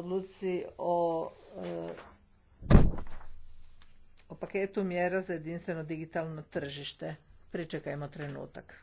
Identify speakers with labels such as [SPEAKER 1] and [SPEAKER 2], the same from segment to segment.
[SPEAKER 1] odluci o, e, o paketu mjera za jedinstveno digitalno tržište. Pričekajmo trenutak.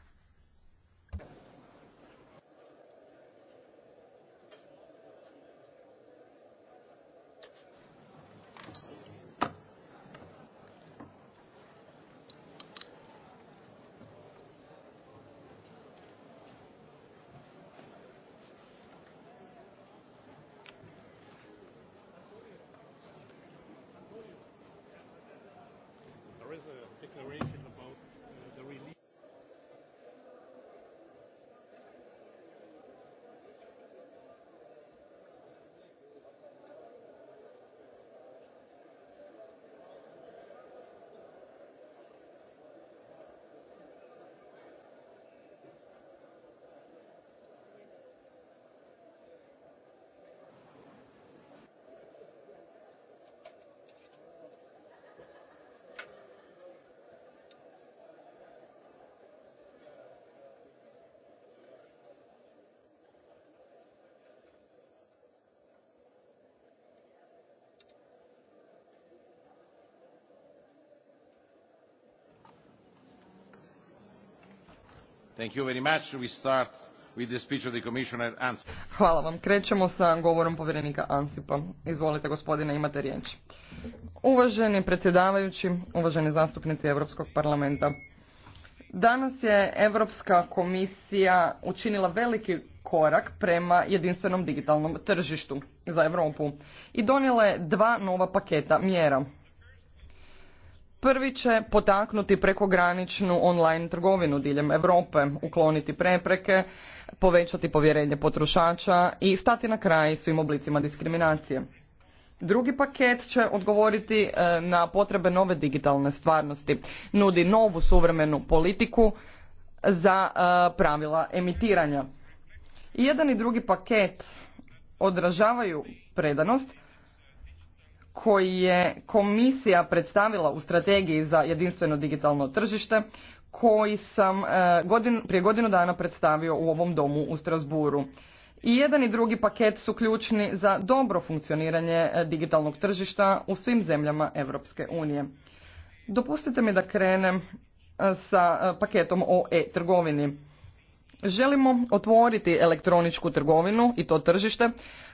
[SPEAKER 2] Hvala vam. Krećemo sa govorom povjerenika Ansipa. Izvolite gospodine, imate riječ. Uvaženi predsjedavajući, uvaženi zastupnici Europskog parlamenta. Danas je Europska komisija učinila veliki korak prema jedinstvenom digitalnom tržištu za Europu i donijela je dva nova paketa mjera. Prvi će potaknuti prekograničnu online trgovinu diljem Europe, ukloniti prepreke, povećati povjerenje potrošača i stati na kraj svim oblicima diskriminacije. Drugi paket će odgovoriti e, na potrebe nove digitalne stvarnosti, nudi novu suvremenu politiku za e, pravila emitiranja. jedan i drugi paket odražavaju predanost koji je komisija predstavila u strategiji za jedinstveno digitalno tržište koji sam e, prije godinu dana predstavio u ovom domu u Strasburu. I jedan i drugi paket su ključni za dobro funkcioniranje e, digitalnog tržišta u svim zemljama Europske unije. Dopustite mi da krenem e, sa paketom o e-trgovini. Želimo otvoriti elektroničku trgovinu i to tržište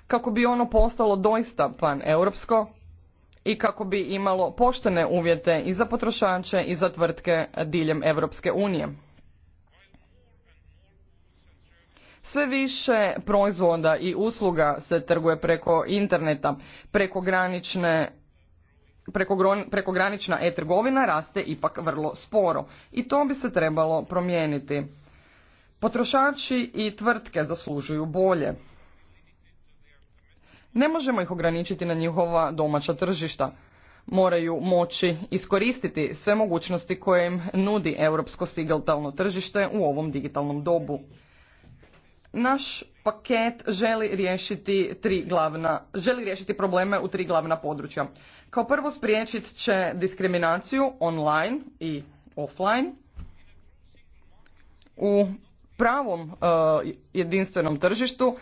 [SPEAKER 2] kako bi ono postalo doista pan-europsko i kako bi imalo poštene uvjete i za potrošače i za tvrtke diljem Europske unije. Sve više proizvoda i usluga se trguje preko interneta, prekogranične Prekogranična e-trgovina raste ipak vrlo sporo i to bi se trebalo promijeniti. Potrošači i tvrtke zaslužuju bolje. Ne možemo ih ograničiti na njihova domaća tržišta. Moraju moći iskoristiti sve mogućnosti koje im nudi europsko digitalno tržište u ovom digitalnom dobu. Naš paket želi riješiti tri glavna, želi riješiti probleme u tri glavna područja. Kao prvo spriječit će diskriminaciju online i offline. U pravom e, jedinstvenom tržištu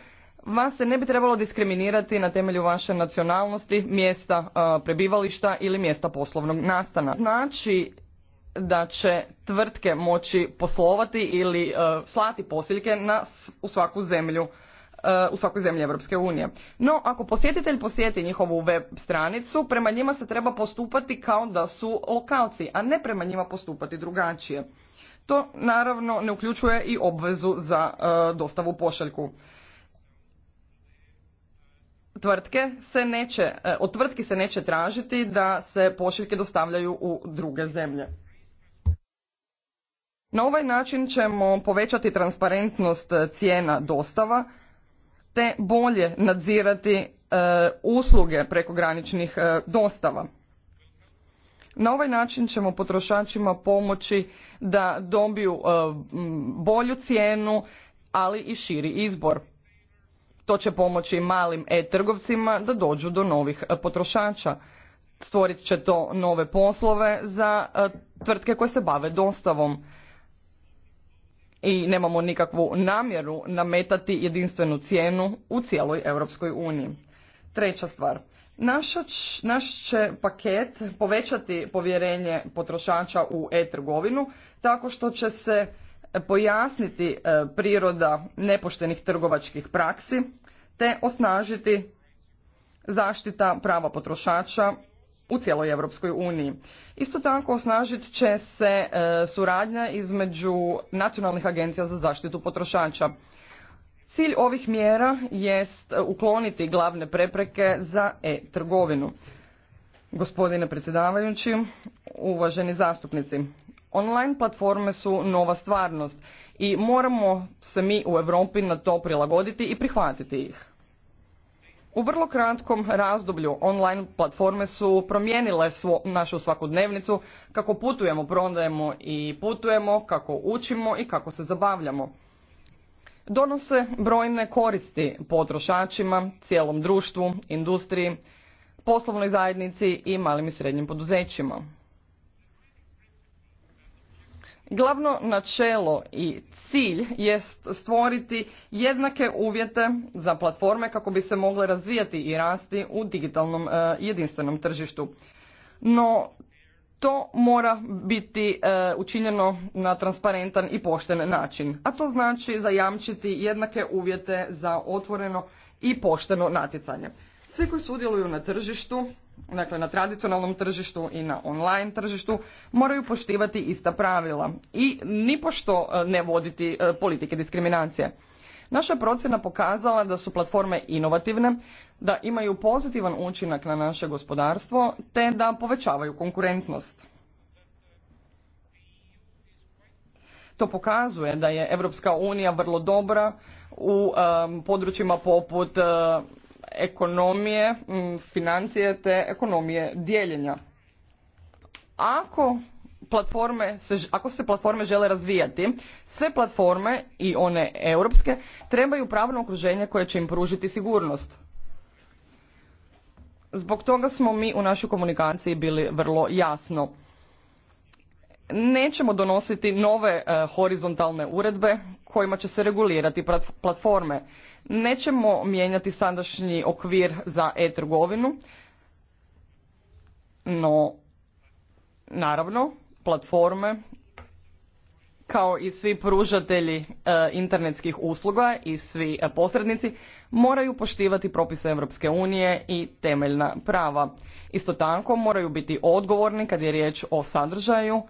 [SPEAKER 2] vas se ne bi trebalo diskriminirati na temelju vaše nacionalnosti, mjesta prebivališta ili mjesta poslovnog nastana. Znači da će tvrtke moći poslovati ili slati posiljke u svaku zemlju u svakoj zemlji Europske unije. No, ako posjetitelj posjeti njihovu web stranicu, prema njima se treba postupati kao da su lokalci, a ne prema njima postupati drugačije. To naravno ne uključuje i obvezu za dostavu pošaljku tvrtke se neće, e, od tvrtki se neće tražiti da se pošiljke dostavljaju u druge zemlje. Na ovaj način ćemo povećati transparentnost e, cijena dostava te bolje nadzirati e, usluge prekograničnih graničnih dostava. Na ovaj način ćemo potrošačima pomoći da dobiju bolju cijenu, ali i širi izbor. To će pomoći malim e-trgovcima da dođu do novih e, potrošača. Stvorit će to nove poslove za e, tvrtke koje se bave dostavom. I nemamo nikakvu namjeru nametati jedinstvenu cijenu u cijeloj Europskoj uniji. Treća stvar. naš će paket povećati povjerenje potrošača u e-trgovinu tako što će se pojasniti e, priroda nepoštenih trgovačkih praksi te osnažiti zaštita prava potrošača u cijeloj Europskoj uniji. Isto tako osnažit će se e, suradnja između nacionalnih agencija za zaštitu potrošača. Cilj ovih mjera jest ukloniti glavne prepreke za e-trgovinu. Gospodine predsjedavajući, uvaženi zastupnici, Online platforme su nova stvarnost i moramo se mi u Europi na to prilagoditi i prihvatiti ih. U vrlo kratkom razdoblju online platforme su promijenile svo, našu svakodnevnicu kako putujemo, prodajemo i putujemo, kako učimo i kako se zabavljamo. Donose brojne koristi potrošačima, cijelom društvu, industriji, poslovnoj zajednici i malim i srednjim poduzećima. Glavno načelo i cilj jest stvoriti jednake uvjete za platforme kako bi se mogle razvijati i rasti u digitalnom e, jedinstvenom tržištu. No, to mora biti e, učinjeno na transparentan i pošten način, a to znači zajamčiti jednake uvjete za otvoreno i pošteno natjecanje. Svi koji sudjeluju na tržištu dakle na tradicionalnom tržištu i na online tržištu moraju poštivati ista pravila i nipošto e, ne voditi e, politike diskriminacije. Naša procjena pokazala da su platforme inovativne, da imaju pozitivan učinak na naše gospodarstvo te da povećavaju konkurentnost. To pokazuje da je Europska unija vrlo dobra u područjima poput e, ekonomije, financije te ekonomije dijeljenja. Ako platforme, ako se platforme žele razvijati, sve platforme i one europske trebaju pravno okruženje koje će im pružiti sigurnost. Zbog toga smo mi u našoj komunikaciji bili vrlo jasno nećemo donositi nove e, horizontalne uredbe kojima će se regulirati platforme nećemo mijenjati sadašnji okvir za e-trgovinu no naravno platforme kao i svi pružatelji e, internetskih usluga i svi e, posrednici moraju poštivati propise Europske unije i temeljna prava. Isto tako moraju biti odgovorni kad je riječ o sadržaju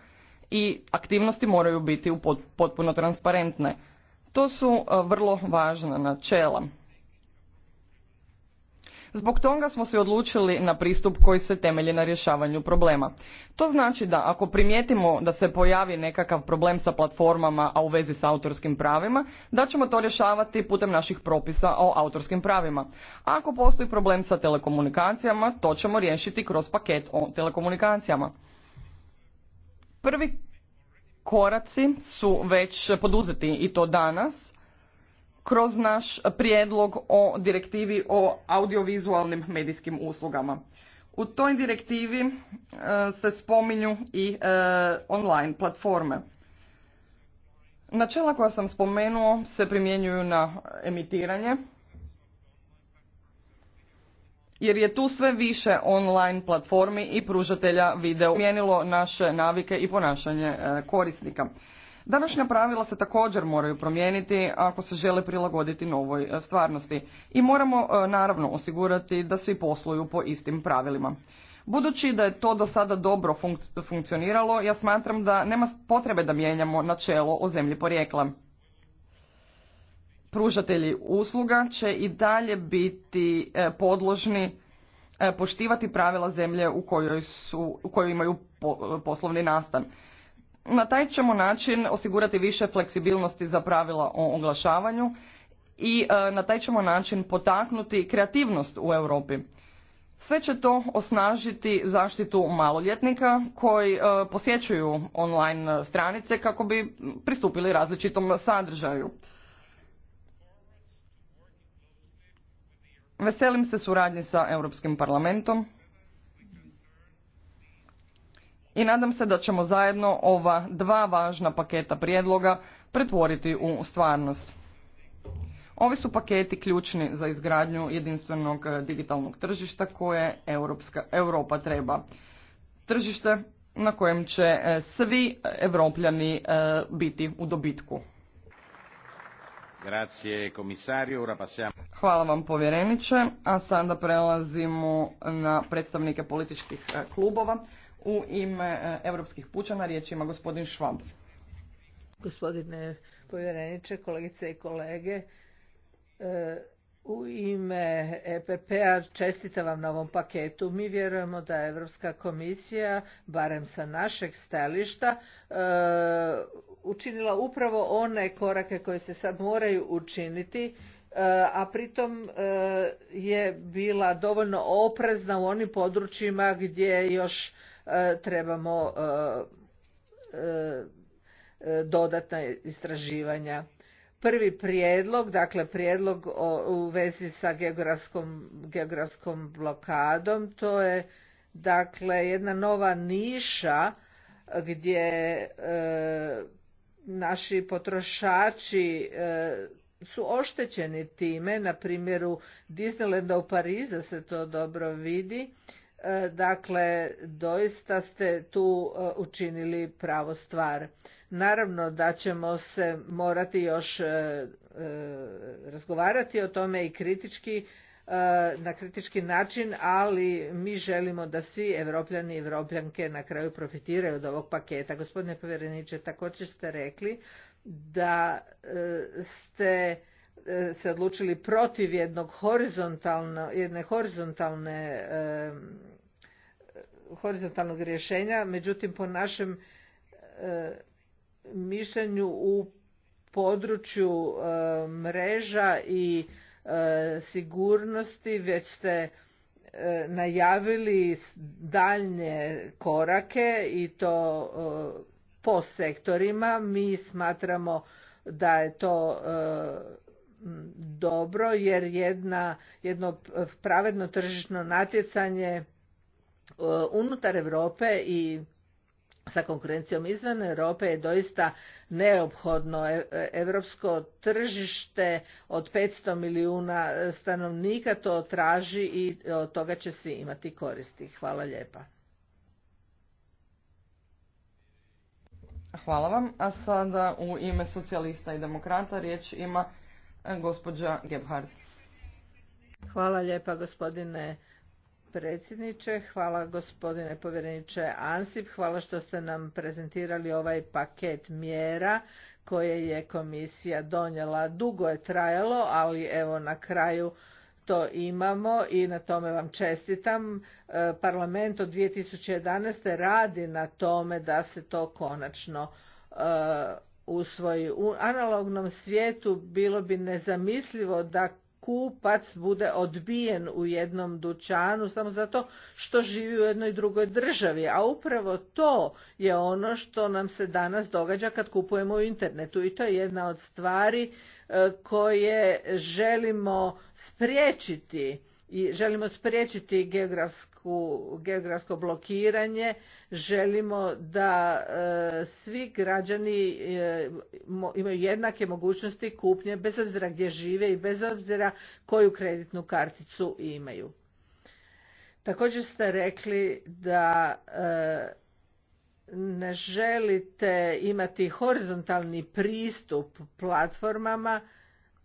[SPEAKER 2] i aktivnosti moraju biti potpuno transparentne. To su e, vrlo važna načela. Zbog toga smo se odlučili na pristup koji se temelji na rješavanju problema. To znači da ako primijetimo da se pojavi nekakav problem sa platformama, a u vezi sa autorskim pravima, da ćemo to rješavati putem naših propisa o autorskim pravima. A ako postoji problem sa telekomunikacijama, to ćemo riješiti kroz paket o telekomunikacijama. Prvi koraci su već poduzeti i to danas kroz naš prijedlog o direktivi o audiovizualnim medijskim uslugama. U toj direktivi e, se spominju i e, online platforme. Načela koja sam spomenuo se primjenjuju na emitiranje, jer je tu sve više online platformi i pružatelja video mijenilo naše navike i ponašanje e, korisnika. Današnja pravila se također moraju promijeniti ako se žele prilagoditi novoj e, stvarnosti i moramo e, naravno osigurati da svi posluju po istim pravilima. Budući da je to do sada dobro funkcioniralo, ja smatram da nema potrebe da mijenjamo načelo o zemlji porijekla pružatelji usluga će i dalje biti e, podložni e, poštivati pravila zemlje u kojoj, su, u kojoj imaju e, poslovni nastan. Na taj ćemo način osigurati više fleksibilnosti za pravila o oglašavanju i na taj ćemo način potaknuti kreativnost u Europi. Sve će to osnažiti zaštitu maloljetnika koji posjećuju online stranice kako bi pristupili različitom sadržaju. Veselim se suradnji sa Europskim parlamentom i nadam se da ćemo zajedno ova dva važna paketa prijedloga pretvoriti u stvarnost. Ovi su paketi ključni za izgradnju jedinstvenog e, digitalnog tržišta koje Europska, Europa treba. Tržište na kojem će e, svi evropljani e, biti u dobitku. Hvala vam povjereniče, a sada prelazimo na predstavnike političkih e, klubova. U ime e, europskih pučana riječ ima gospodin Švab.
[SPEAKER 1] Gospodine povjereniče, kolegice i kolege, e, u ime EPP-a čestitam vam na ovom paketu. Mi vjerujemo da Europska komisija, barem sa našeg stajališta, učinila upravo one korake koje se sad moraju učiniti e, a pritom e, je bila dovoljno oprezna u onim područjima gdje još e, trebamo dodatna istraživanja. Prvi prijedlog, dakle prijedlog u vezi sa geografskom, geografskom blokadom, to je dakle jedna nova niša gdje naši potrošači e, su oštećeni time, na primjeru Disneylanda u Pariza se to dobro vidi. E, dakle, doista ste tu e, učinili pravo stvar. Naravno da ćemo se morati još razgovarati o tome i kritički E, na kritički način, ali mi želimo da svi evropljani i evropljanke na kraju profitiraju od ovog paketa. Gospodine povjereniče, također ste rekli da e, ste e, se odlučili protiv jednog horizontalno, jedne horizontalne horizontalnog rješenja, međutim po našem mišljenju u području mreža i E, sigurnosti, već ste e, najavili daljnje korake i to e, po sektorima. Mi smatramo da je to dobro jer jedna, jedno pravedno tržišno natjecanje unutar Europe i sa konkurencijom izvan Europe je doista neophodno. E, e, evropsko tržište od 500 milijuna stanovnika to traži i
[SPEAKER 2] od toga će svi imati koristi. Hvala lijepa. Hvala vam. A sada u ime socijalista i demokrata riječ ima gospođa Gebhardt. Hvala lijepa gospodine
[SPEAKER 1] predsjedniče, hvala gospodine povjereniče Ansip, hvala što ste nam prezentirali ovaj paket mjera koje je komisija donijela. Dugo je trajalo, ali evo na kraju to imamo i na tome vam čestitam. E, parlament od 2011. radi na tome da se to konačno e, usvoji. U analognom svijetu bilo bi nezamislivo da kupac bude odbijen u jednom dućanu samo zato što živi u jednoj drugoj državi, a upravo to je ono što nam se danas događa kad kupujemo u internetu i to je jedna od stvari e, koje želimo spriječiti i želimo spriječiti geografsko blokiranje, želimo da e, svi građani e, imaju jednake mogućnosti kupnje bez obzira gdje žive i bez obzira koju kreditnu karticu imaju. Također ste rekli da e, ne želite imati horizontalni pristup platformama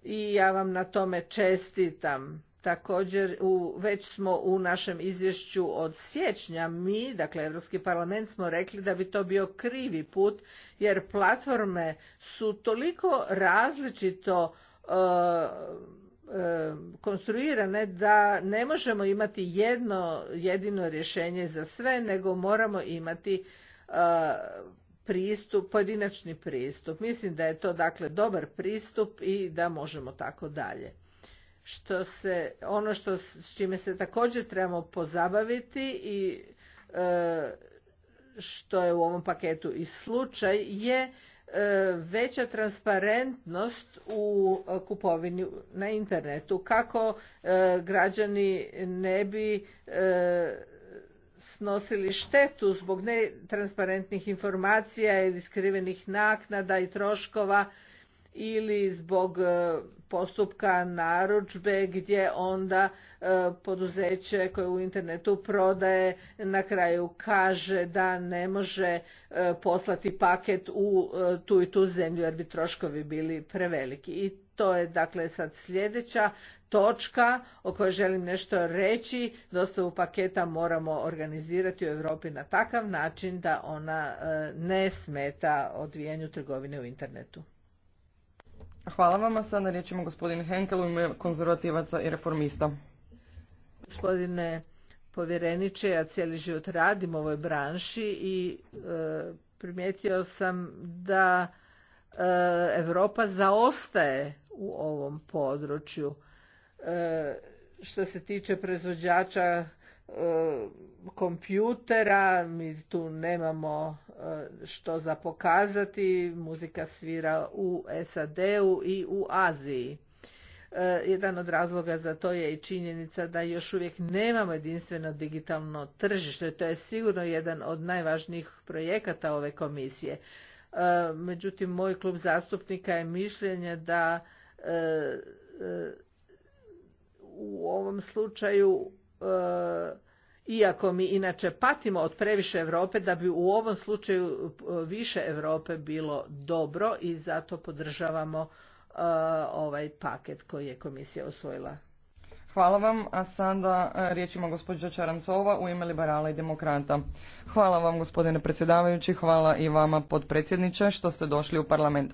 [SPEAKER 1] i ja vam na tome čestitam Također u, već smo u našem izvješću od siječnja mi, dakle Europski parlament smo rekli da bi to bio krivi put jer platforme su toliko različito e, e, konstruirane da ne možemo imati jedno jedino rješenje za sve nego moramo imati e, pristup, pojedinačni pristup. Mislim da je to dakle dobar pristup i da možemo tako dalje što se, ono što, s čime se također trebamo pozabaviti i e, što je u ovom paketu i slučaj je e, veća transparentnost u kupovini na internetu kako e, građani ne bi snosili štetu zbog netransparentnih informacija ili skrivenih naknada i troškova ili zbog postupka narudžbe gdje onda e, poduzeće koje u internetu prodaje na kraju kaže da ne može e, poslati paket u e, tu i tu zemlju jer bi troškovi bili preveliki. I to je dakle sad sljedeća točka o kojoj želim nešto reći. Dostavu paketa moramo organizirati u Europi na takav način da ona ne smeta odvijanju trgovine u internetu. Hvala vama. Sada riječ ima gospodin Henkel konzervativaca i reformista. Gospodine povjereniče, ja cijeli život radim u ovoj branši i e, primijetio sam da e, Europa zaostaje u ovom području. E, što se tiče proizvođača kompjutera, mi tu nemamo E, što za pokazati, muzika svira u SAD-u i u Aziji. E, jedan od razloga za to je i činjenica da još uvijek nemamo jedinstveno digitalno tržište. To je sigurno jedan od najvažnijih projekata ove komisije. E, međutim, moj klub zastupnika je mišljenje da u ovom slučaju iako mi inače patimo od previše Europe da bi u ovom slučaju e, više Europe bilo dobro i zato podržavamo e, ovaj paket koji je komisija osvojila.
[SPEAKER 2] Hvala vam, a sada e, riječ ima gospođa Čarancova u ime Liberala i Demokrata. Hvala vam gospodine predsjedavajući, hvala i vama podpredsjedniče što ste došli u parlament.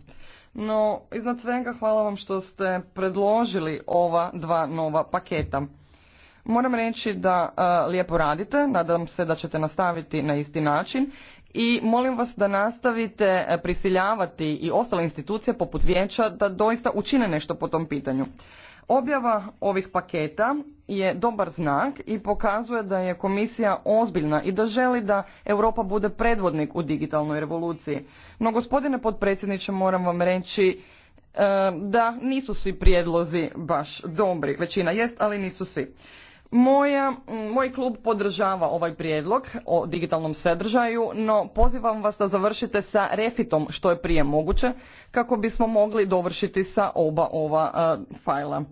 [SPEAKER 2] No, iznad svega hvala vam što ste predložili ova dva nova paketa. Moram reći da e, lijepo radite, nadam se da ćete nastaviti na isti način i molim vas da nastavite e, prisiljavati i ostale institucije poput vijeća da doista učine nešto po tom pitanju. Objava ovih paketa je dobar znak i pokazuje da je komisija ozbiljna i da želi da Europa bude predvodnik u digitalnoj revoluciji. No gospodine potpredsjedniče moram vam reći e, da nisu svi prijedlozi baš dobri. Većina jest, ali nisu svi moj klub podržava ovaj prijedlog o digitalnom sadržaju, no pozivam vas da završite sa refitom što je prije moguće kako bismo mogli dovršiti sa oba ova e, fajla.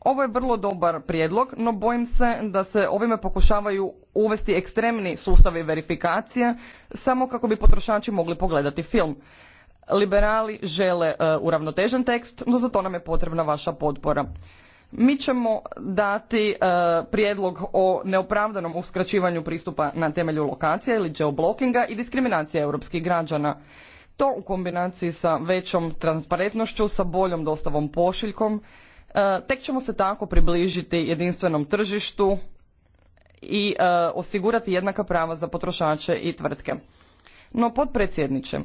[SPEAKER 2] Ovo je vrlo dobar prijedlog, no bojim se da se ovime pokušavaju uvesti ekstremni sustavi verifikacije samo kako bi potrošači mogli pogledati film. Liberali žele e, uravnotežen tekst, no za to nam je potrebna vaša potpora. Mi ćemo dati e, prijedlog o neopravdanom uskraćivanju pristupa na temelju lokacije ili geoblockinga i diskriminacije europskih građana. To u kombinaciji sa većom transparentnošću, sa boljom dostavom pošiljkom, e, tek ćemo se tako približiti jedinstvenom tržištu i e, osigurati jednaka prava za potrošače i tvrtke. No, potpredsjedniče,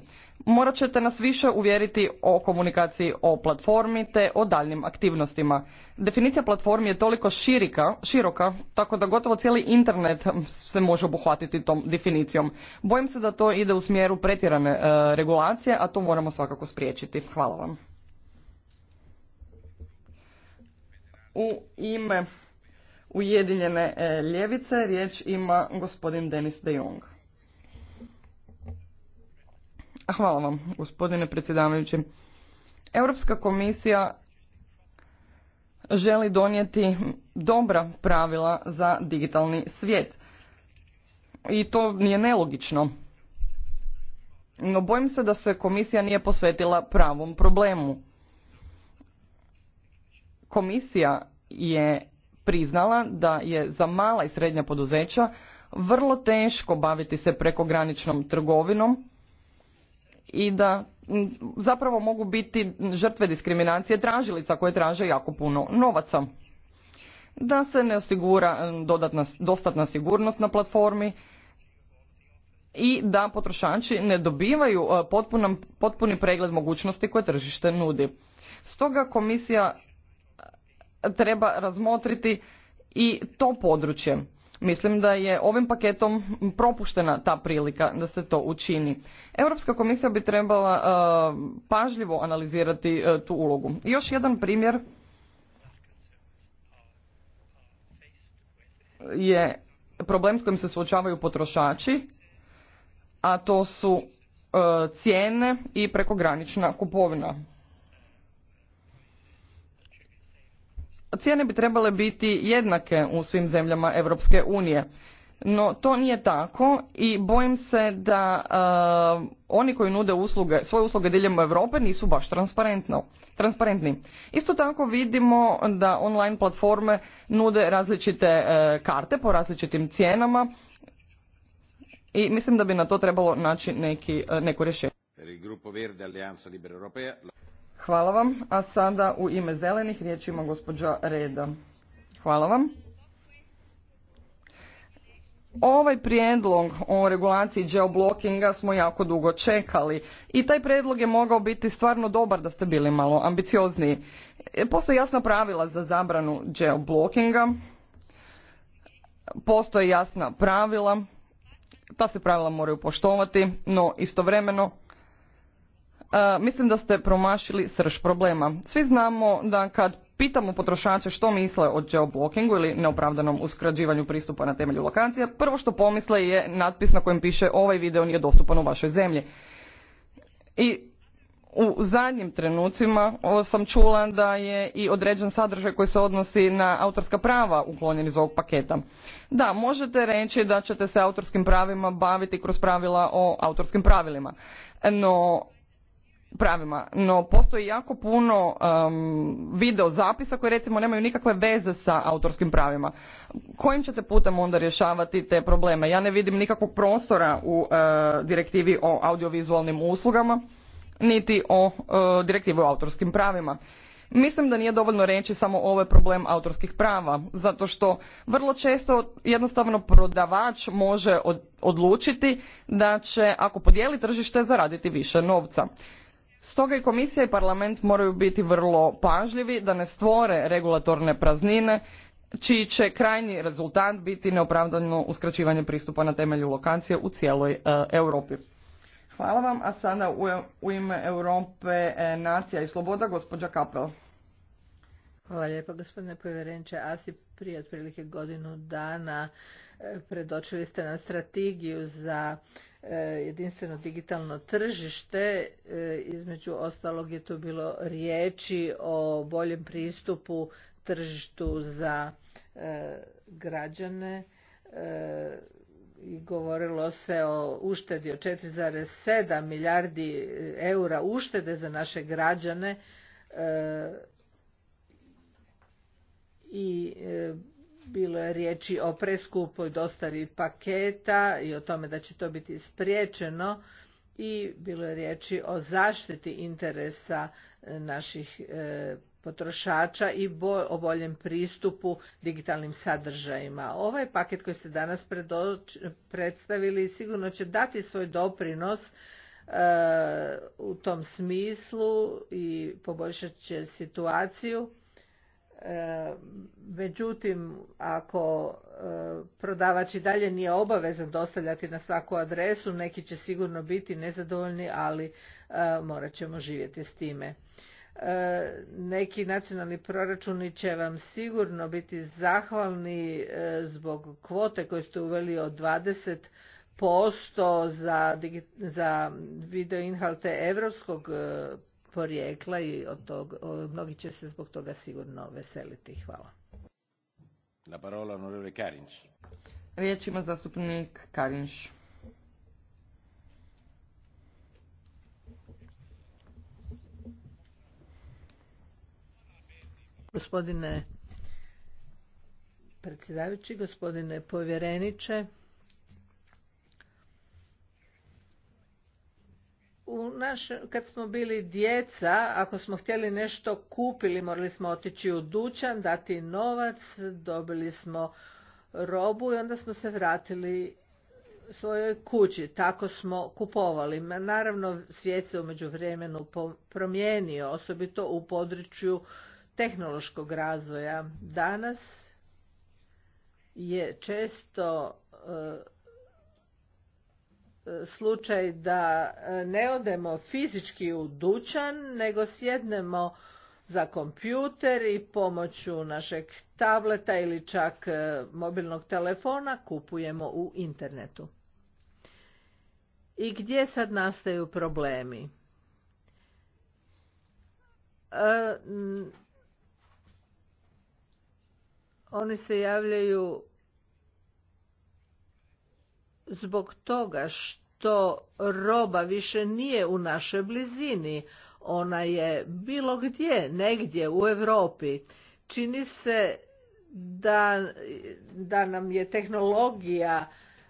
[SPEAKER 2] morat ćete nas više uvjeriti o komunikaciji o platformi te o daljnim aktivnostima. Definicija platformi je toliko širika, široka, tako da gotovo cijeli internet se može obuhvatiti tom definicijom. Bojim se da to ide u smjeru pretjerane e, regulacije, a to moramo svakako spriječiti. Hvala vam. U ime Ujedinjene e, ljevice riječ ima gospodin Denis de Jong. Hvala vam, gospodine predsjedavajući. Europska komisija želi donijeti dobra pravila za digitalni svijet. I to nije nelogično. No bojim se da se komisija nije posvetila pravom problemu. Komisija je priznala da je za mala i srednja poduzeća vrlo teško baviti se prekograničnom trgovinom i da zapravo mogu biti žrtve diskriminacije tražilica koje traže jako puno novaca da se ne osigura dodatna, dostatna sigurnost na platformi i da potrošači ne dobivaju e, potpuni pregled mogućnosti koje tržište nudi. Stoga komisija treba razmotriti i to područje Mislim da je ovim paketom propuštena ta prilika da se to učini. Europska komisija bi trebala e, pažljivo analizirati e, tu ulogu. još jedan primjer je problem s kojim se suočavaju potrošači, a to su e, cijene i prekogranična kupovina. cijene bi trebale biti jednake u svim zemljama Europske unije. No to nije tako i bojim se da e, oni koji nude usluge, svoje usluge diljem Europe nisu baš transparentni. Isto tako vidimo da online platforme nude različite e, karte po različitim cijenama i mislim da bi na to trebalo naći neki, e, neko rješenje. Hvala vam. A sada u ime zelenih riječ ima gospođa Reda. Hvala vam. Ovaj prijedlog o regulaciji geoblokinga smo jako dugo čekali i taj prijedlog je mogao biti stvarno dobar da ste bili malo ambiciozniji. E, postoje jasna pravila za zabranu geoblokinga, postoje jasna pravila, ta se pravila moraju poštovati, no istovremeno E, mislim da ste promašili srž problema. Svi znamo da kad pitamo potrošače što misle o geoblockingu ili neopravdanom uskrađivanju pristupa na temelju lokacija, prvo što pomisle je natpis na kojem piše ovaj video nije dostupan u vašoj zemlji. I u zadnjim trenucima sam čula da je i određen sadržaj koji se odnosi na autorska prava uklonjen iz ovog paketa. Da, možete reći da ćete se autorskim pravima baviti kroz pravila o autorskim pravilima, no pravima no postoji jako puno um, video zapisa koji recimo nemaju nikakve veze sa autorskim pravima kojim ćete putem onda rješavati te probleme ja ne vidim nikakvog prostora u e, direktivi o audiovizualnim uslugama niti o uh, direktivi o autorskim pravima mislim da nije dovoljno reći samo ovo je problem autorskih prava zato što vrlo često jednostavno prodavač može odlučiti da će ako podijeli tržište zaraditi više novca Stoga i komisija i parlament moraju biti vrlo pažljivi da ne stvore regulatorne praznine čiji će krajnji rezultat biti neopravdano uskraćivanje pristupa na temelju lokacije u cijeloj e, Europi. Hvala vam, a sada u, ime Europe e, nacija i sloboda, gospođa Kapel. Hvala lijepo, gospodine povjerenče Asi
[SPEAKER 1] Prije otprilike godinu dana e, predočili ste nam strategiju za E, jedinstveno digitalno tržište. E, između ostalog je tu bilo riječi o boljem pristupu tržištu za e, građane i govorilo se o uštedi od 4,7 milijardi eura uštede za naše građane i bilo je riječi o preskupoj dostavi paketa i o tome da će to biti spriječeno i bilo je riječi o zaštiti interesa e, naših e, potrošača i o boljem pristupu digitalnim sadržajima. Ovaj paket koji ste danas predstavili sigurno će dati svoj doprinos e, u tom smislu i poboljšat će situaciju E, međutim, ako e, prodavač i dalje nije obavezan dostavljati na svaku adresu, neki će sigurno biti nezadovoljni, ali e, morat ćemo živjeti s time. Neki nacionalni proračuni će vam sigurno biti zahvalni zbog kvote koju ste uveli od 20 posto za, za video inhalte evropskog porijekla i od tog, mnogi će se zbog toga sigurno veseliti. Hvala.
[SPEAKER 3] na parola
[SPEAKER 2] Riječ ima zastupnik Karinš.
[SPEAKER 1] Gospodine predsjedavajući, gospodine povjereniče, u naš, kad smo bili djeca, ako smo htjeli nešto kupili, morali smo otići u dućan, dati novac, dobili smo robu i onda smo se vratili svojoj kući. Tako smo kupovali. Naravno, svijet se umeđu vremenu promijenio, osobito u području tehnološkog razvoja. Danas je često e, slučaj da e, ne odemo fizički u dućan, nego sjednemo za kompjuter i pomoću našeg tableta ili čak e, mobilnog telefona kupujemo u internetu. I gdje sad nastaju problemi? E, oni se javljaju zbog toga što roba više nije u našoj blizini, ona je bilo gdje, negdje u Europi. Čini se da, da nam je tehnologija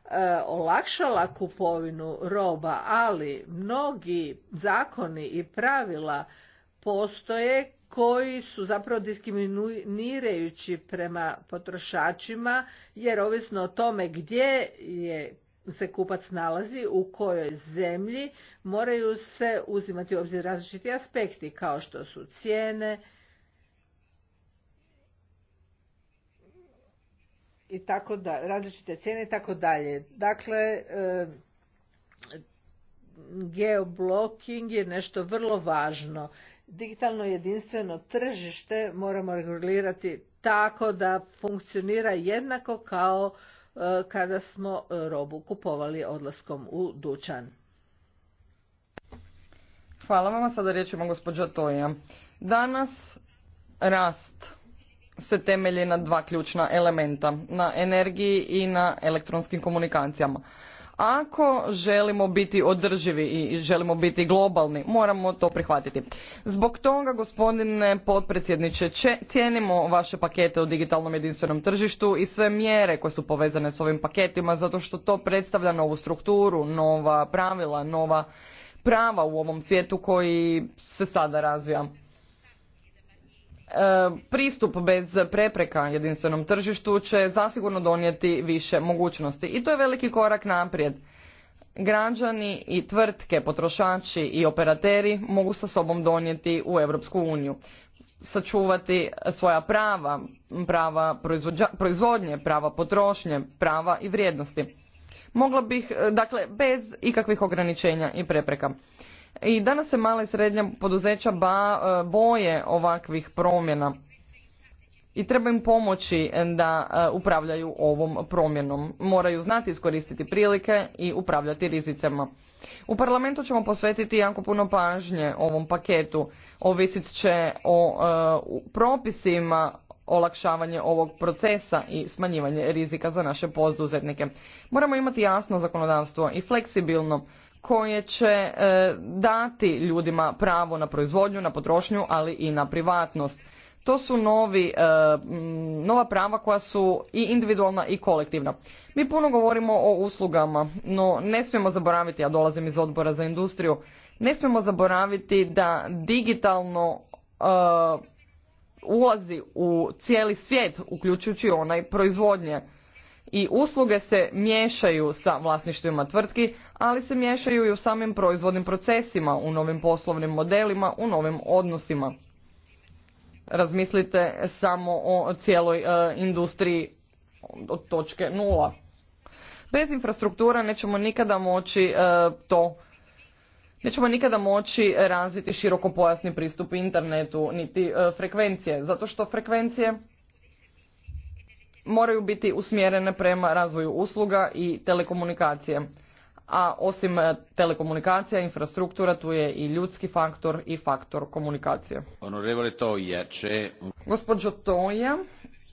[SPEAKER 1] e, olakšala kupovinu roba, ali mnogi zakoni i pravila postoje koji su zapravo diskriminirajući prema potrošačima jer ovisno o tome gdje je se kupac nalazi, u kojoj zemlji, moraju se uzimati u obzir različiti aspekti kao što su cijene i tako da, različite cijene i tako dalje. Dakle, eh, geoblocking je nešto vrlo važno. Digitalno jedinstveno tržište moramo regulirati tako da funkcionira jednako kao Eh, kada smo eh, robu kupovali odlaskom
[SPEAKER 2] u dućan. Hvala vam, sada riječ ima gospođa Toja. Danas rast se temelji na dva ključna elementa, na energiji i na elektronskim komunikacijama. Ako želimo biti održivi i želimo biti globalni, moramo to prihvatiti. Zbog toga, gospodine potpredsjedniče, cijenimo vaše pakete o digitalnom jedinstvenom tržištu i sve mjere koje su povezane s ovim paketima, zato što to predstavlja novu strukturu, nova pravila, nova prava u ovom svijetu koji se sada razvija. E, pristup bez prepreka jedinstvenom tržištu će zasigurno donijeti više mogućnosti i to je veliki korak naprijed. Građani i tvrtke, potrošači i operateri mogu sa sobom donijeti u Europsku uniju. Sačuvati svoja prava, prava proizvodnje, prava potrošnje, prava i vrijednosti. Mogla bih, e, dakle, bez ikakvih ograničenja i prepreka. I danas se mala i srednja poduzeća ba, e, boje ovakvih promjena i treba im pomoći da e, upravljaju ovom promjenom. Moraju znati iskoristiti prilike i upravljati rizicama. U parlamentu ćemo posvetiti jako puno pažnje ovom paketu. Ovisit će o e, propisima olakšavanje ovog procesa i smanjivanje rizika za naše poduzetnike. Moramo imati jasno zakonodavstvo i fleksibilno koje će e, dati ljudima pravo na proizvodnju, na potrošnju, ali i na privatnost. To su novi, e, nova prava koja su i individualna i kolektivna. Mi puno govorimo o uslugama, no ne smijemo zaboraviti, ja dolazim iz odbora za industriju, ne smijemo zaboraviti da digitalno e, ulazi u cijeli svijet, uključujući onaj proizvodnje i usluge se miješaju sa vlasništvima tvrtki, ali se miješaju i u samim proizvodnim procesima, u novim poslovnim modelima, u novim odnosima. Razmislite samo o cijeloj e, industriji od točke nula. Bez infrastruktura nećemo nikada moći e, to Nećemo nikada moći razviti širokopojasni pristup internetu, niti e, frekvencije, zato što frekvencije moraju biti usmjerene prema razvoju usluga i telekomunikacije. A osim e, telekomunikacija, infrastruktura, tu je i ljudski faktor i faktor komunikacije. Gospodžo Toja,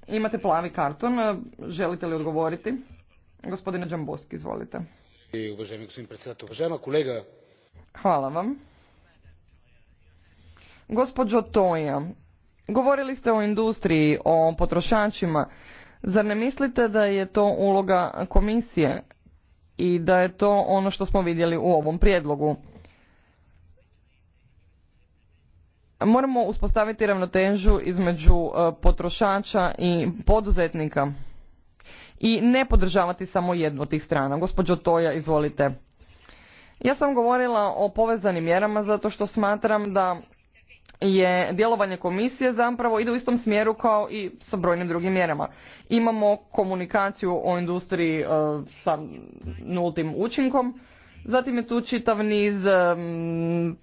[SPEAKER 2] imate plavi karton, e, želite li odgovoriti? Gospodine Džamboski, izvolite.
[SPEAKER 3] E, uvaženi gospodin predsjedatelj, uvažena kolega.
[SPEAKER 2] Hvala vam. Gospodžo Toja, govorili ste o industriji, o potrošačima, Zar ne mislite da je to uloga komisije i da je to ono što smo vidjeli u ovom prijedlogu? Moramo uspostaviti ravnotežu između e, potrošača i poduzetnika i ne podržavati samo jednu od tih strana. Gospođo Toja, izvolite. Ja sam govorila o povezanim mjerama zato što smatram da je djelovanje komisije zapravo ide u istom smjeru kao i sa brojnim drugim mjerama. Imamo komunikaciju o industriji e, sa nultim učinkom, zatim je tu čitav niz e,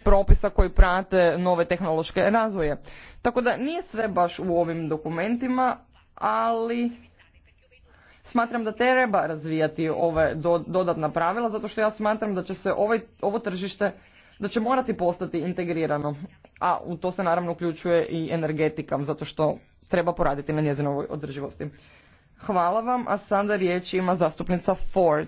[SPEAKER 2] propisa koji prate nove tehnološke razvoje. Tako da nije sve baš u ovim dokumentima, ali smatram da treba razvijati ove dodatna pravila zato što ja smatram da će se ovaj, ovo tržište da će morati postati integrirano a u to se naravno uključuje i energetika, zato što treba poraditi na njezinovoj održivosti. Hvala vam, a sada riječ ima zastupnica Ford.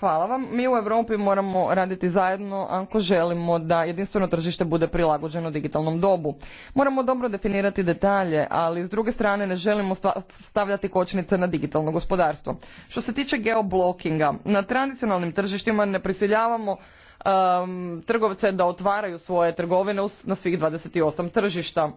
[SPEAKER 2] Hvala vam. Mi u Europi moramo raditi zajedno ako želimo da jedinstveno tržište bude prilagođeno digitalnom dobu. Moramo dobro definirati detalje, ali s druge strane ne želimo stavljati kočnice na digitalno gospodarstvo. Što se tiče geoblokinga, na tradicionalnim tržištima ne prisiljavamo um, trgovce da otvaraju svoje trgovine na svih 28 tržišta.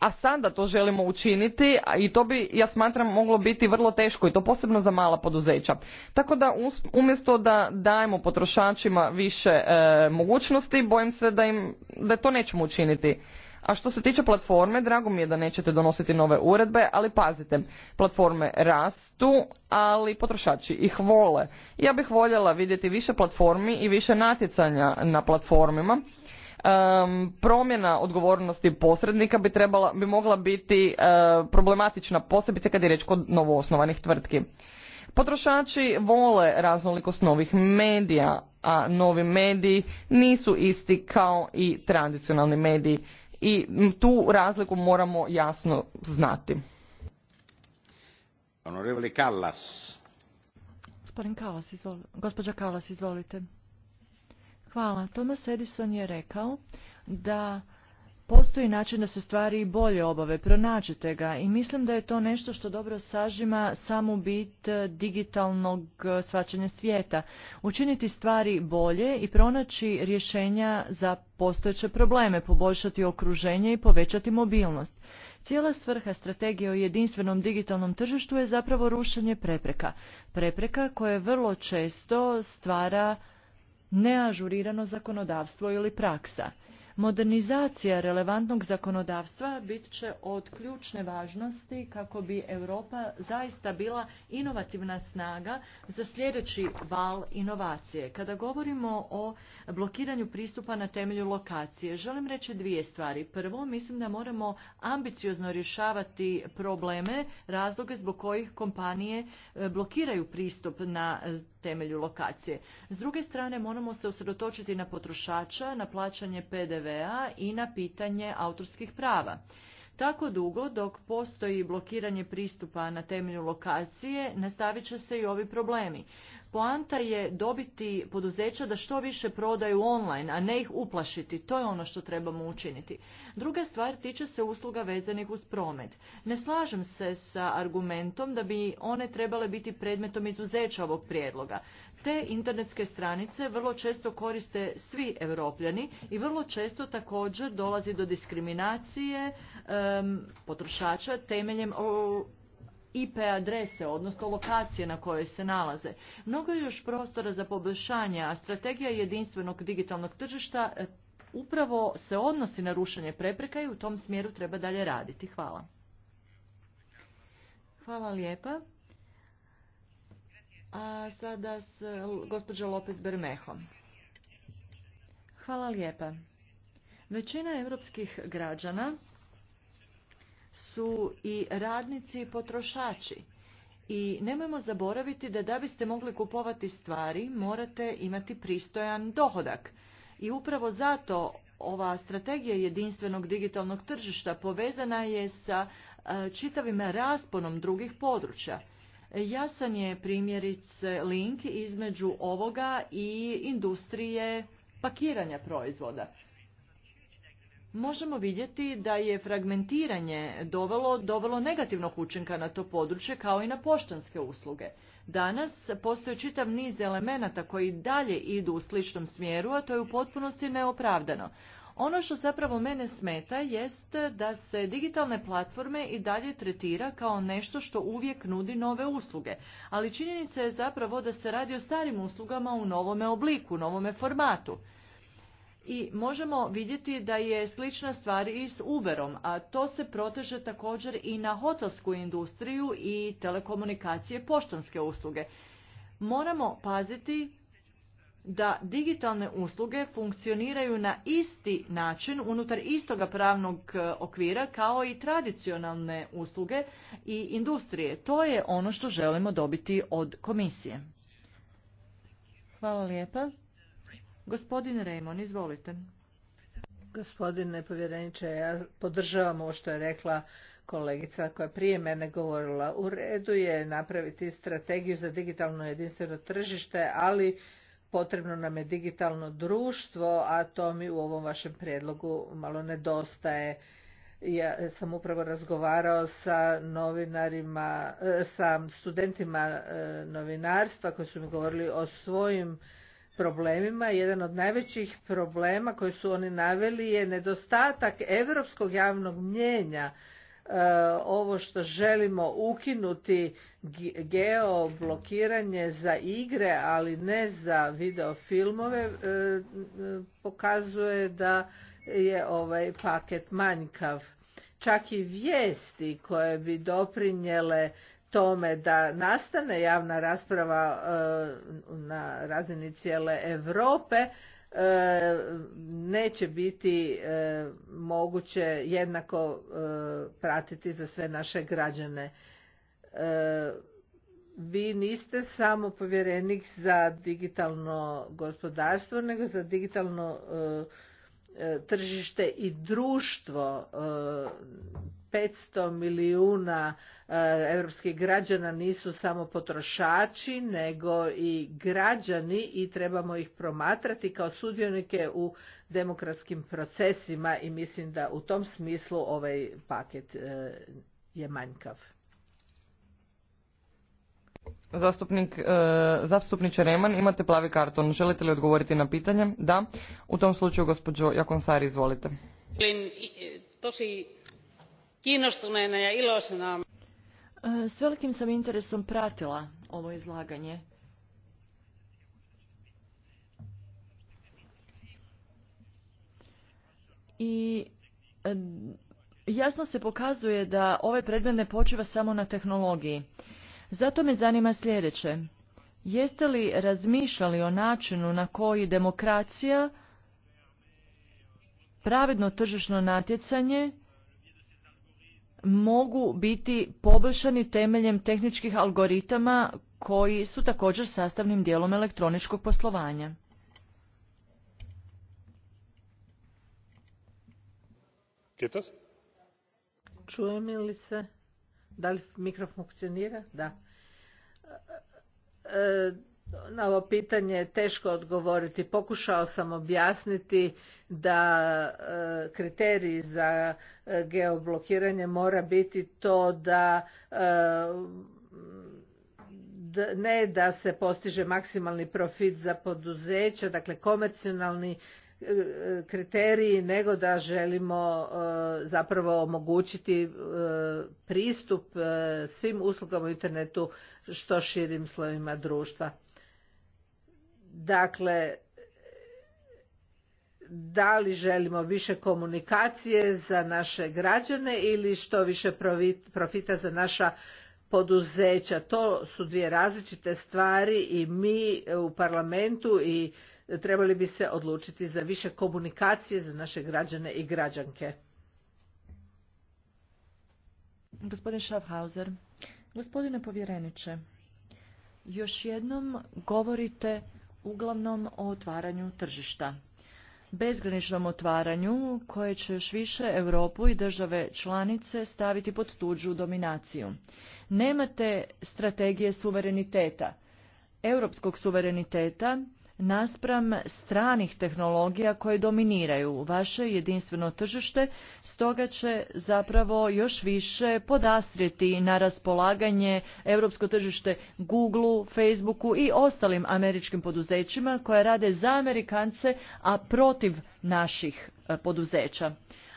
[SPEAKER 2] A sada to želimo učiniti i to bi, ja smatram, moglo biti vrlo teško i to posebno za mala poduzeća. Tako da umjesto da dajemo potrošačima više e, mogućnosti, bojim se da, im, da to nećemo učiniti. A što se tiče platforme, drago mi je da nećete donositi nove uredbe, ali pazite, platforme rastu, ali potrošači ih vole. Ja bih voljela vidjeti više platformi i više natjecanja na platformima. promjena odgovornosti posrednika bi, trebala, bi mogla biti e, problematična, posebice kad je reč kod novoosnovanih tvrtki. Potrošači vole raznolikost novih medija, a novi mediji nisu isti kao i tradicionalni mediji i tu razliku moramo jasno znati.
[SPEAKER 3] Honorevole Kallas.
[SPEAKER 4] Gospodin Kallas, izvolite. Gospođa Kallas, izvolite. Hvala. Thomas Edison je rekao da Postoji način da se stvari bolje obave, pronađite ga i mislim da je to nešto što dobro sažima samu bit e, digitalnog e, svačanja svijeta. Učiniti stvari bolje i pronaći rješenja za postojeće probleme, poboljšati okruženje i povećati mobilnost. Cijela svrha strategije o jedinstvenom digitalnom tržištu je zapravo rušenje prepreka. Prepreka koje vrlo često stvara neažurirano zakonodavstvo ili praksa. Modernizacija relevantnog zakonodavstva bit će od ključne važnosti kako bi Europa zaista bila inovativna snaga za sljedeći val inovacije. Kada govorimo o blokiranju pristupa na temelju lokacije, želim reći dvije stvari. Prvo, mislim da moramo ambiciozno rješavati probleme, razloge zbog kojih kompanije e, blokiraju pristup na temelju lokacije. S druge strane moramo se usredotočiti na potrošača, na plaćanje PDV-a i na pitanje autorskih prava. Tako dugo dok postoji blokiranje pristupa na temelju lokacije, nastavit će se i ovi problemi. Poanta je dobiti poduzeća da što više prodaju online, a ne ih uplašiti. To je ono što trebamo učiniti. Druga stvar tiče se usluga vezanih uz promet. Ne slažem se sa argumentom da bi one trebale biti predmetom izuzeća ovog prijedloga. Te internetske stranice vrlo često koriste svi europljani i vrlo često također dolazi do diskriminacije potrošača temeljem IP adrese, odnosno lokacije na kojoj se nalaze. Mnogo je još prostora za poboljšanje, a strategija jedinstvenog digitalnog tržišta e, upravo se odnosi na rušenje prepreka i u tom smjeru treba dalje raditi. Hvala. Hvala lijepa. A sada s gospođa Lopez Bermeho. Hvala lijepa. Većina europskih građana su i radnici i potrošači. I nemojmo zaboraviti da da biste mogli kupovati stvari morate imati pristojan dohodak. I upravo zato ova strategija jedinstvenog digitalnog tržišta povezana je sa e, čitavim rasponom drugih područja. Jasan je primjerice link između ovoga i industrije pakiranja proizvoda možemo vidjeti da je fragmentiranje dovelo, dovelo negativnog učinka na to područje kao i na poštanske usluge. Danas postoje čitav niz elemenata koji dalje idu u sličnom smjeru, a to je u potpunosti neopravdano. Ono što zapravo mene smeta jest da se digitalne platforme i dalje tretira kao nešto što uvijek nudi nove usluge, ali činjenica je zapravo da se radi o starim uslugama u novome obliku, novome formatu i možemo vidjeti da je slična stvar i s Uberom, a to se proteže također i na hotelsku industriju i telekomunikacije poštanske usluge. Moramo paziti da digitalne usluge funkcioniraju na isti način unutar istoga pravnog e, okvira kao i tradicionalne usluge i industrije. To je ono što želimo dobiti od komisije.
[SPEAKER 1] Hvala lijepa. Gospodin Rejmon, izvolite. Gospodine povjereniče, ja podržavam ovo što je rekla kolegica koja prije mene govorila. U redu je napraviti strategiju za digitalno jedinstveno tržište, ali potrebno nam je digitalno društvo, a to mi u ovom vašem prijedlogu malo nedostaje. Ja sam upravo razgovarao sa novinarima, eh, sa studentima eh, novinarstva koji su mi govorili o svojim problemima. Jedan od najvećih problema koji su oni naveli je nedostatak europskog javnog mjenja. E, ovo što želimo ukinuti geoblokiranje za igre, ali ne za videofilmove, e, pokazuje da je ovaj paket manjkav. Čak i vijesti koje bi doprinjele tome da nastane javna rasprava e, na razini cijele Europe e, neće biti e, moguće jednako pratiti za sve naše građane. Vi niste samo povjerenik za digitalno gospodarstvo, nego za digitalno E, tržište i društvo 500 e, milijuna europskih građana nisu samo potrošači nego i građani i trebamo ih promatrati kao sudionike u demokratskim procesima i mislim da u tom smislu ovaj paket e, je manjkav.
[SPEAKER 2] Zastupnik, e, zastupniče Reman, imate plavi karton. Želite li odgovoriti na pitanje? Da. U tom slučaju, gospođo Jakonsari, izvolite.
[SPEAKER 1] E,
[SPEAKER 4] e, s velikim sam interesom pratila ovo izlaganje. I jasno se pokazuje da ovaj predmet ne počiva samo na tehnologiji. Zato me zanima sljedeće. Jeste li razmišljali o načinu na koji demokracija, pravedno tržišno natjecanje mogu biti poboljšani temeljem tehničkih algoritama koji su također sastavnim dijelom elektroničkog poslovanja?
[SPEAKER 1] Čujem li se? Da li mikro funkcionira? Da. E, na ovo pitanje je teško odgovoriti. Pokušao sam objasniti da e, kriterij za e, geoblokiranje mora biti to da ne da se postiže maksimalni profit za poduzeća, dakle komercionalni kriteriji nego da želimo e, zapravo omogućiti e, pristup e, svim uslugama u internetu što širim slovima društva. Dakle, da li želimo više komunikacije za naše građane ili što više profita za naša poduzeća. To su dvije različite stvari i mi u parlamentu i trebali bi se odlučiti za više komunikacije za naše građane i građanke.
[SPEAKER 4] Gospodine Schaffhauser, gospodine povjereniče, još jednom govorite uglavnom o otvaranju tržišta bezgraničnom otvaranju koje će još više Europu i države članice staviti pod tuđu dominaciju. Nemate strategije suvereniteta, europskog suvereniteta naspram stranih tehnologija koje dominiraju vaše jedinstveno tržište, stoga će zapravo još više podastrijeti na raspolaganje europsko tržište Google, Facebooku i ostalim američkim poduzećima koje rade za Amerikance, a protiv naših e, poduzeća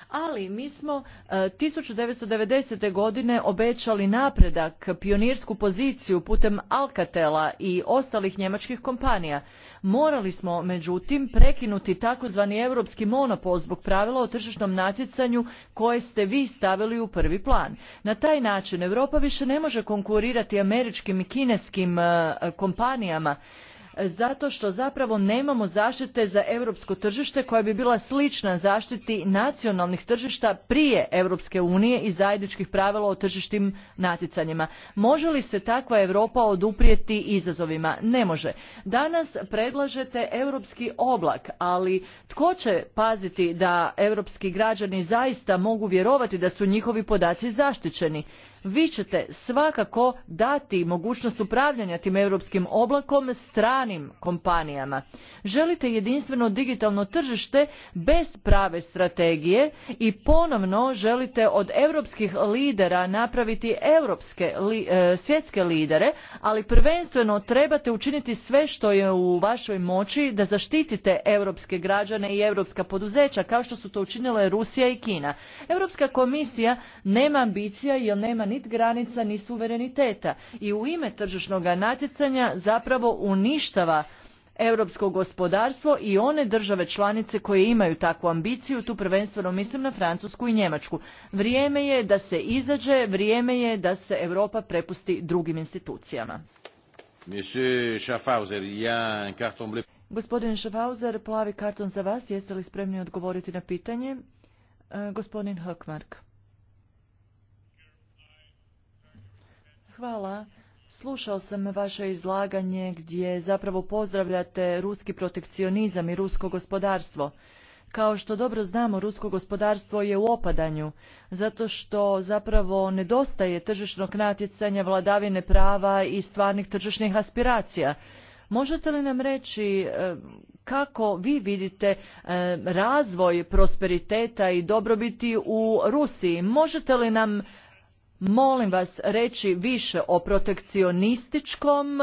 [SPEAKER 4] ali mi smo 1990. Eh, godine obećali napredak, pionirsku poziciju putem Alcatela i ostalih njemačkih kompanija. Morali smo, međutim, prekinuti takozvani europski monopol zbog pravila o tržišnom natjecanju koje ste vi stavili u prvi plan. Na taj način Europa više ne može konkurirati američkim i kineskim eh, kompanijama zato što zapravo nemamo zaštite za europsko tržište koja bi bila slična zaštiti nacionalnih tržišta prije Europske unije i zajedničkih pravila o tržištim natjecanjima. Može li se takva Europa oduprijeti izazovima? Ne može. Danas predlažete europski oblak, ali tko će paziti da europski građani zaista mogu vjerovati da su njihovi podaci zaštićeni? vi ćete svakako dati mogućnost upravljanja tim europskim oblakom stranim kompanijama. Želite jedinstveno digitalno tržište bez prave strategije i ponovno želite od europskih lidera napraviti europske e, svjetske lidere, ali prvenstveno trebate učiniti sve što je u vašoj moći da zaštitite europske građane i europska poduzeća kao što su to učinile Rusija i Kina. Europska komisija nema ambicija jer nema nit granica ni suvereniteta i u ime tržišnog natjecanja zapravo uništava europsko gospodarstvo i one države članice koje imaju takvu ambiciju, tu prvenstveno mislim na Francusku i Njemačku. Vrijeme je da se izađe, vrijeme je da se Europa prepusti drugim institucijama. Gospodin Schaffhauser, plavi karton za vas. Jeste li spremni odgovoriti na pitanje? E, gospodin Hökmark. Hvala. Slušao sam vaše izlaganje gdje zapravo pozdravljate ruski protekcionizam i rusko gospodarstvo. Kao što dobro znamo, rusko gospodarstvo je u opadanju, zato što zapravo nedostaje tržišnog natjecanja, vladavine prava i stvarnih tržišnih aspiracija. Možete li nam reći e, kako vi vidite e, razvoj prosperiteta i dobrobiti u Rusiji? Možete li nam molim vas reći više o protekcionističkom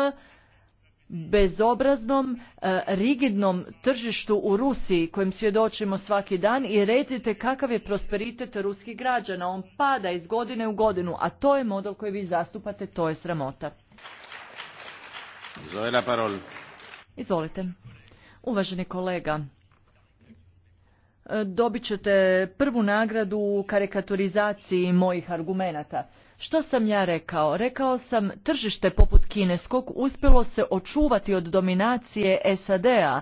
[SPEAKER 4] bezobraznom, e, rigidnom tržištu u Rusiji kojem svjedočimo svaki dan i recite kakav je prosperitet ruskih građana. On pada iz godine u godinu, a to je model koji vi zastupate, to je sramota. Izvolite. Uvaženi kolega, dobit ćete prvu nagradu u karikaturizaciji mojih argumenata. Što sam ja rekao? Rekao sam tržište poput kineskog uspjelo se očuvati od dominacije SAD-a,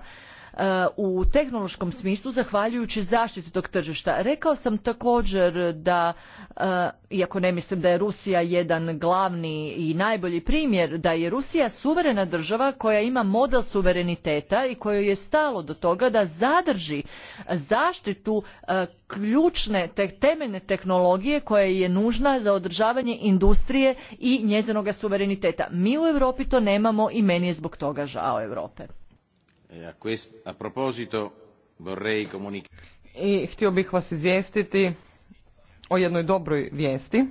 [SPEAKER 4] u tehnološkom smislu zahvaljujući zaštiti tog tržišta. Rekao sam također da, e, iako ne mislim da je Rusija jedan glavni i najbolji primjer, da je Rusija suverena država koja ima model suvereniteta i kojoj je stalo do toga da zadrži zaštitu e, ključne te temeljne tehnologije koja je nužna za održavanje industrije i njezinoga suvereniteta. Mi u Europi to nemamo i meni je zbog
[SPEAKER 2] toga žao Europe.
[SPEAKER 3] E, a,
[SPEAKER 2] I htio bih vas izvijestiti o jednoj dobroj vijesti.